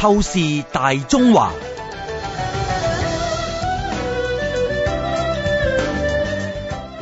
透視大中華，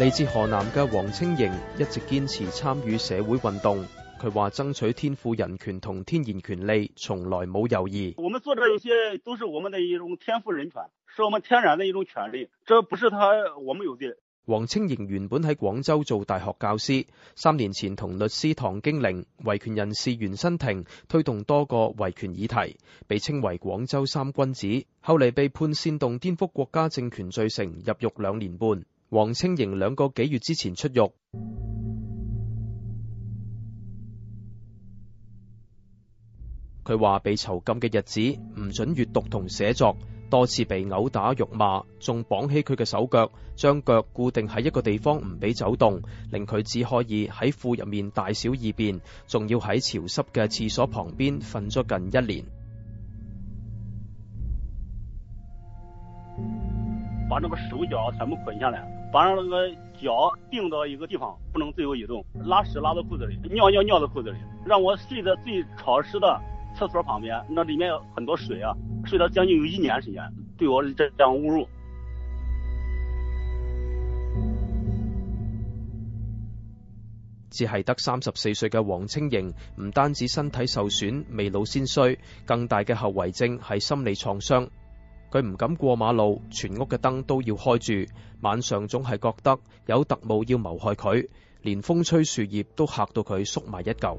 嚟自河南嘅王清營一直堅持參與社會運動。佢話爭取天賦人權同天然權利，從來冇猶豫。我們做呢有些，都是我們的一種天賦人權，是我們天然的一種權利，這不是他我們有嘅。王清營原本喺廣州做大學教師，三年前同律師唐荊陵、維權人士袁新亭推動多個維權議題，被稱為廣州三君子。後嚟被判煽動顛覆國家政權罪成，入獄兩年半。王清營兩個幾月之前出獄，佢話被囚禁嘅日子唔准閱讀同寫作。多次被毆打辱罵，仲綁起佢嘅手腳，將腳固定喺一個地方唔俾走動，令佢只可以喺褲入面大小二便，仲要喺潮濕嘅廁所旁邊瞓咗近一年。把那個手腳全部捆下來，把那個腳定到一個地方，不能自由移動，拉屎拉到褲子裏，尿尿尿到褲子裏，讓我睡得最潮濕的。廁所旁邊，那裏面有很多水啊，睡了將近有一年時間，對我是這樣侮辱。只係得三十四歲嘅王清營，唔單止身體受損，未老先衰，更大嘅後遺症係心理創傷。佢唔敢過馬路，全屋嘅燈都要開住，晚上總係覺得有特務要謀害佢，連風吹樹葉都嚇到佢縮埋一嚿。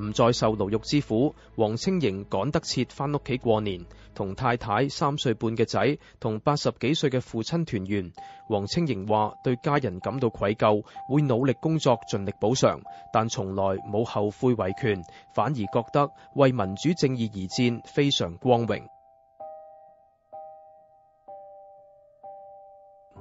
唔再受牢獄之苦，王清營趕得切翻屋企過年，同太太三歲半嘅仔同八十幾歲嘅父親團圓。王清營話：對家人感到愧疚，會努力工作盡力補償，但從來冇後悔維權，反而覺得為民主正義而戰非常光榮。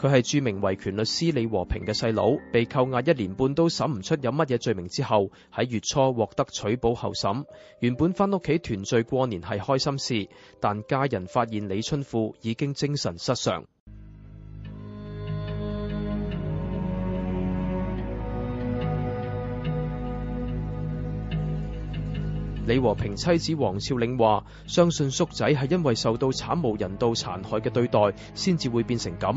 佢係著名維權律師李和平嘅細佬，被扣押一年半都審唔出有乜嘢罪名之後，喺月初獲得取保候審。原本翻屋企團聚過年係開心事，但家人發現李春富已經精神失常。李和平妻子王峭嶺話，相信叔仔係因為受到慘無人道殘害嘅對待，先至會變成咁。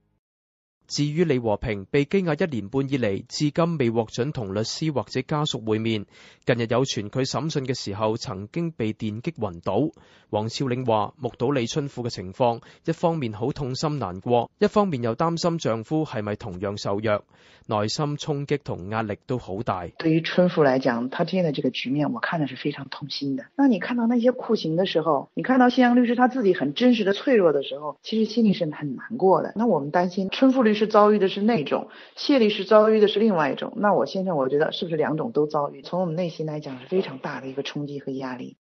至於李和平被羈押一年半以嚟，至今未獲准同律師或者家屬會面。近日有傳佢審訊嘅時候曾經被電擊暈倒。王峭嶺話，目睹李春富嘅情況，一方面好痛心難過，一方面又擔心丈夫係咪同樣受虐，內心衝擊同壓力都好大。對於春富來講，他現在這個局面，我看的是非常痛心的。當你看到那些酷刑的時候，你看到謝陽律師他自己很真實的脆弱的時候，其實心裏是很難過的。那我們擔心春富律師，是遭遇的是那種，謝律師遭遇的是另外一種。那我先生我覺得是不是兩種都遭遇？從我們內心來講是非常大的一個衝擊和壓力。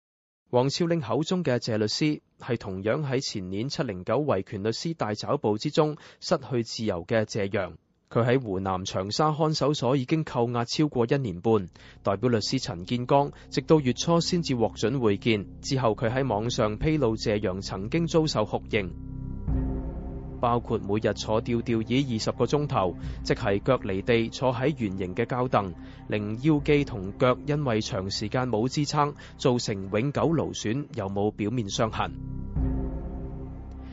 王峭嶺口中嘅謝律師係同樣喺前年七零九維權律師大抓捕之中失去自由嘅謝陽，佢喺湖南長沙看守所已經扣押超過一年半。代表律師陳建剛直到月初先至獲准會見，之後佢喺網上披露謝陽曾經遭受酷刑。包括每日坐吊吊椅二十個鐘頭，即係腳離地坐喺圓形嘅膠凳，令腰肌同腳因為長時間冇支撐，造成永久勞損，又冇表面傷痕。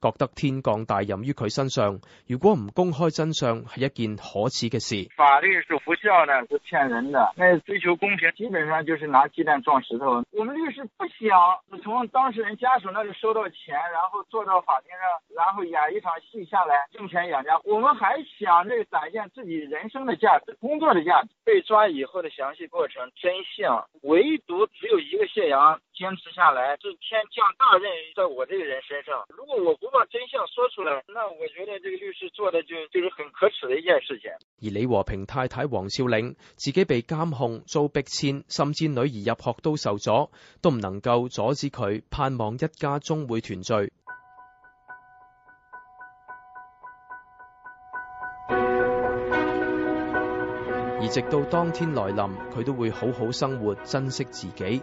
覺得天降大任於佢身上，如果唔公開真相係一件可恥嘅事。法律是無效的，是騙人的。那追求公平，基本上就是拿雞蛋撞石頭。我們律師不想從當事人家屬那裡收到錢，然後坐到法庭上，然後演一場戲下來掙錢養家。我們還想着展現自己人生的價值、工作的價值。被抓以後的詳細過程、真相，唯獨只有一個謝陽堅持下來，是天降大任在我這個人身上。如果我不把真相說出來，那我覺得這個律師做的就就是很可恥的一件事情。而李和平太太王峭嶺自己被監控、遭逼遷，甚至女兒入學都受阻，都唔能夠阻止佢。盼望一家終會團聚。 而直到當天來臨，佢都會好好生活，珍惜自己。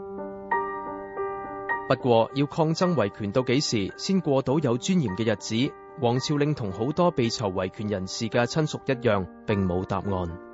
不過要抗爭維權到幾時先過到有尊嚴嘅日子？王峭嶺同好多被囚維權人士嘅親屬一樣，並冇答案。